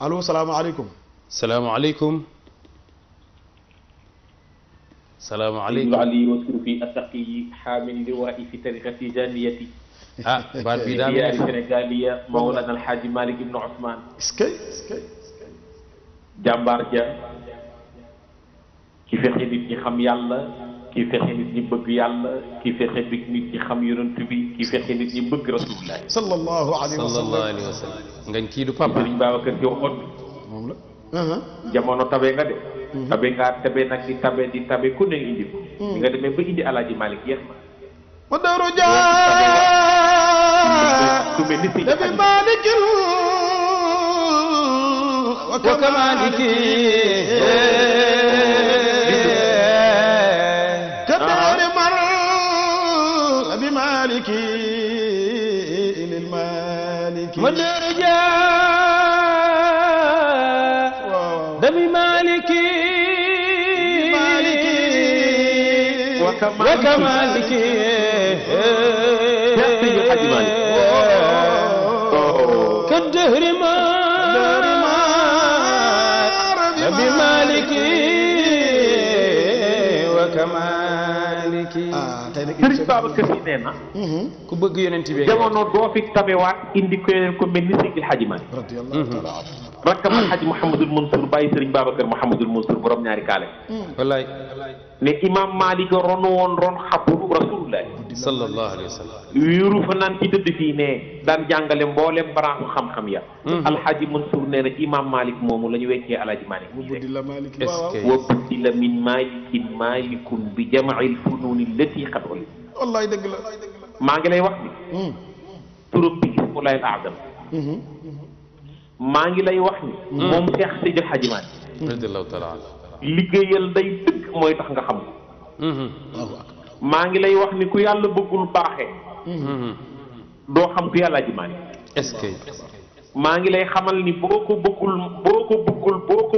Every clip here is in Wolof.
الو السلام عليكم السلام عليكم السلام عليكم علي يذكر في أسقي حامل لواء في طريقة تجانيتي اه بعد في دار السنغالية مولانا الحاج مالك بن عثمان اسكي اسكي جامبار جا كي فخي خم يالا ki fexe nit ñi bëgg yàlla ki fexe nit ñi xam yonent bi ki fexe nit ñi bëgg rasulullah sallallahu alayhi wa du papa sëriñ Babacar Si waxoon moom la uh-huh. jamono tabe nga de uh-huh. tabe nag di tabe ku ne indi ko uh-huh. nga demee ba indi alaaji Malik yeex ma ma daru jaa su mel ni sëñ bi malikil wa kamaliki للمالكي للمالكي من دمي مالكي وكمالكي كالدهر مار وكمالكي Ah, tey nag Sëriñ Babacar Si nee na. Mm-hmm. ku bëgg yonent bi jamono doo fi tabewaat indi ko yeneen ko mel ni Seydil Hadji Malick. Mm-hmm. rakkam ak Hadji Mouhamadul Mansour bàyyi Sëriñ Babacar Mouhamadul Mansour borom ñaari kaale. Mm. wallaay ne Imam Malick ron woon ron xabru rasulullah sallallahu alayhi ci dëdd fii ne daan jàngale mboolem branche xam-xam ya hmm. alxaaji Mansour nee na imam Malik moomu la ñu weccee alaaji Malik mu la Malik wa buddi la min malikin malikun bi jamail fununi lati xat dëgg la maa ngi lay wax ni hmm. turub bi ismulaay al hmm. maa ngi lay wax ni moom Seex Seydi Alxaaji Malik radiallahu liggéeyal day dëgg mooy tax nga xam maa ngi lay wax ni ku yàlla bëggul baaxee. Mm-hmm. doo xam ku yàlla aji maa maa ngi lay xamal ni boo ko bëggul boo ko bëggul boo ko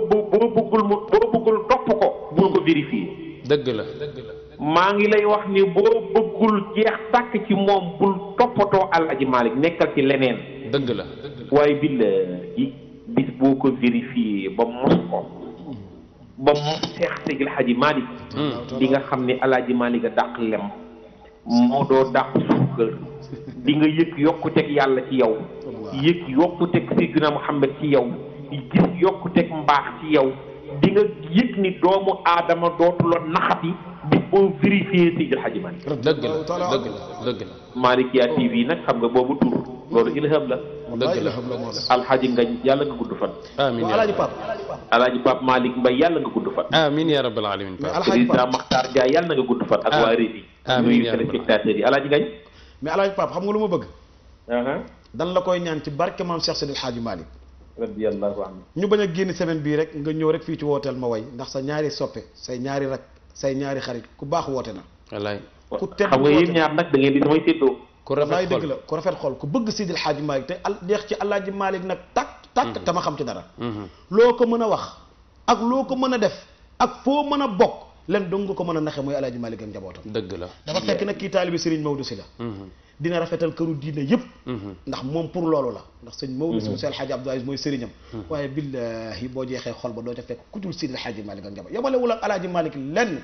bëggul mu boo bëggul topp ko. bul ko vérifier. dëgg la maa ngi lay wax ni boo bëggul jeex tàkk ci moom bul toppatoo Alaaji Malick nekkal ci leneen. dëgg la waaye bi bis boo ko vérifié ba mos ko. ba mu seex Seydil Hadji Malick di hmm. nga xam ne alaaji Malick a dàq lem moo doo dàq suukal di nga yëg yokkuteg yàlla ci yow yëg yokkuteg Seydina Muhammad ci yow gis yokkuteg mbaax ci yow di nga yëg ni doomu aadama dootula naxati di ko vérifier Seydil Hadji Malick dëgg la dëgg la dëgg la Malikia TV nag xam nga boobu tur loolu ilham la la ilaha illallah alxaaji ngañ yàlla nga gudd fan. amiin alaaji Pape. alaaji Pape Malick Mbaye yàlla nga gudd fan. amiin yaa rabbal alamin Pape. président Makhtar Ndiaye yàlla nga gudd fan. ak yaa rabbal alamin ngañ. mais alaaji Pape xam nga lu ma bëgg. Uh-huh. dan la koy ñaan ci barke maam Cheikh Seydi Alxaaji Malick. ñu bañ a génn semaine bii rek nga ñëw rek fii ci wooteel ma way ndax sa ñaari soppe say ñaari rak say ñaari xarit ku baax woote na. xam nga yéen ñaar nag da di damay séddoo ku rafet xol dëgg la ku rafet xol ku bëgg Sidil Hadji Malick te al jeex ci Alaaji Malick nag tàkk tàkk te ma xam ci dara loo ko mën a wax ak loo ko mën a def ak foo mën a bokk len dong nga ko mën a naxe mooy Alaaji Malick ak njabootam dëgg la dafa fekk nag kii taalibi Serigne Maodo si la dina rafetal këru diine yëpp ndax moom pour loolu la ndax sëñ Maodo si monsieur El Hadji Abdou Aziz mooy sëriñam waaye billahi boo jeexee xol ba doo ca fekk ku dul Sidil Hadji Malick ak njaboot yamale wala Alaaji Malick lenn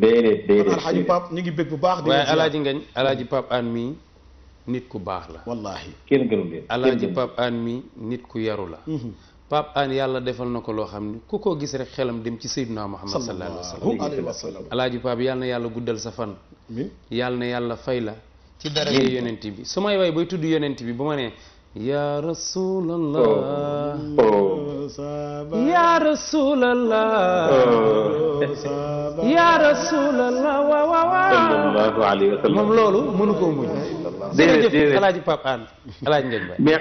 déedéet déedéet kon Alaaji Pape ñu ngi bég bu baax waaye Alaaji Ngañ Alaaji Pape an mii nit ku baax la. wallaahi kenn gënu mi nit ku yaru la. Mhm. Pape Hann yàlla defal na ko loo xam ne ku ko gis rek xelam dem ci Seydina Muhammad sallallahu alayhi wa sallam alaaji yàlla na yàlla sa fan. yàlla na yàlla fay la. ci dara bi su may way tudd yonent bi bu ma nee. yaa rasulallah moom loolu mënu koo muñ déedéet déedéet alaaji Pape Hann alaaji Ngagne Mbaye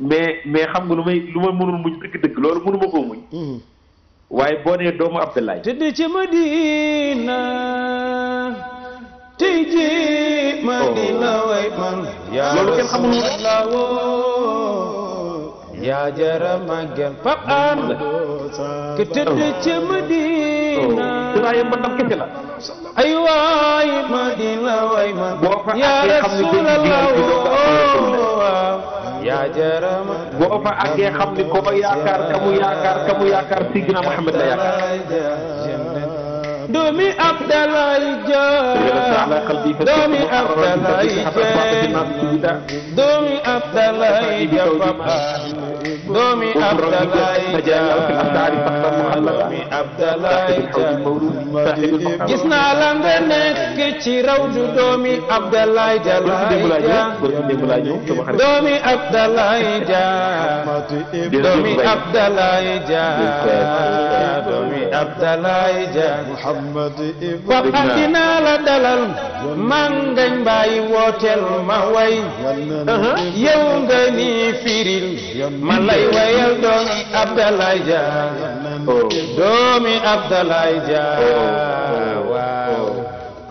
mais mais mais xam nga lu may lu ma mënul muñ dëgg-dëgg loolu mënu ma koo muñ. Hmm. waaye boo dee doomu Abdoulaye. tëdd ci Madina tey ji Madina oh. way man. loolu kenn xamul woon. yaa jara magal Pape Hann. que tëdd ci Madina. so diraayam ba dab kese la ay waay madina waay ma boo fa Muhammad la yaakaar دومي أبدل عيجان دومي أبدل gis naa la nga nekk ci raw du doomi Abdoulaye Dia doomi Abdoulaye Dia doomi Abdoulaye Dia doomi Abdoulaye Dia papa dinaa la dalal man ngañ bàyyi wooteel ma way yow nga malay wayal doomi Abdoulaye oh. domi doomi Abdoulaye Dia oh, oh, waaw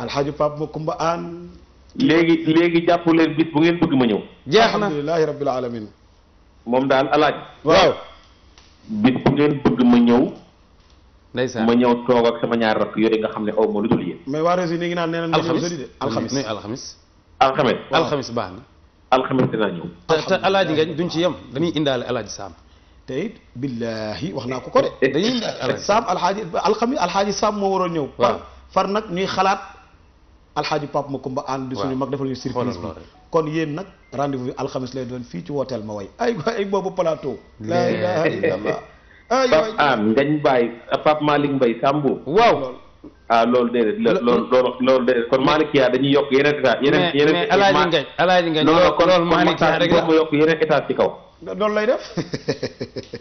alxaaji Pape kumba an legi legi jàpp leen bis bu ngeen bëgg ma ñew jeexna na rabbil alamin mom dal alaj wow bis bu ngeen bëgg ma ñew ndeysaan ma ñew toog ak sama ñaar rak yori nga xamne ne aw ma lu dul yeen mais wa réseau ni ngi naan neena al nee na alxamis alxamis alxamis alxamis baax na alxames dinaa ñëw. te alaaji ngañ duñ ci yem dañuy indaale alaaji saam. te it billahi wax naa ko ko de. dañuy indaale alaaji saam alxaaji alxames alxaaji saam moo waroon ñëw. waaw far nag ñuy xalaat alxaaji Pape Makumba ànd. waaw suñu mag defal ñu surprise bi. kon yéen nag rendez-vous bi alxames lay doon fii ci wooteel ma way ay ay boobu plateau. la ilaha illallah. aywa Pape Am ngañ Baye Pape Malick Mbaye Sambo. waaw. ah de déedéet. loolu loolu loolu déedéet kon Malikia dañuy yokk yeneen état yeneen yeneen mais Alaaji Ngañ Alaaji Ngañ loolu kon Malikia rek la ma yokk yeneen état ci kaw. loolu lay def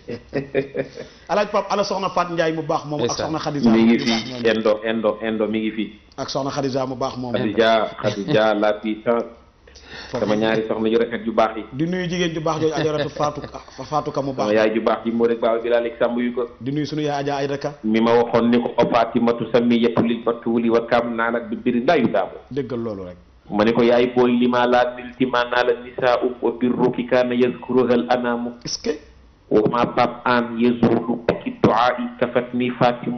Alaaji Pape ala soxna Faat njaay mu baax moom. ak soxna Khadija mi ngi fi Endo Endo Endo mi ngi fi. ak soxna Khadija mu baax moom. Khadija Khadija la puissance. sama ñaari soxna yu rafet yu baax yi di nuyu jigéen ju baax jooju ajaratu faatu faatu ka mu baax yaay ju baax ji moo baaw bi laa lekk sàmm yu ko di nuyu sunu yaay aja ay raka mi ma waxoon ni ko opaati matu sammi yëpp li fatuuli wa kam naa nag bi biri ndaa yu daamu dëggal loolu rek ma ko yaay booy lima laa nilti ma naa la nisaa um wa birruki kaana yazkuruhal anaamu est wa ma pap an yazulu biki duaa i kafatni fatim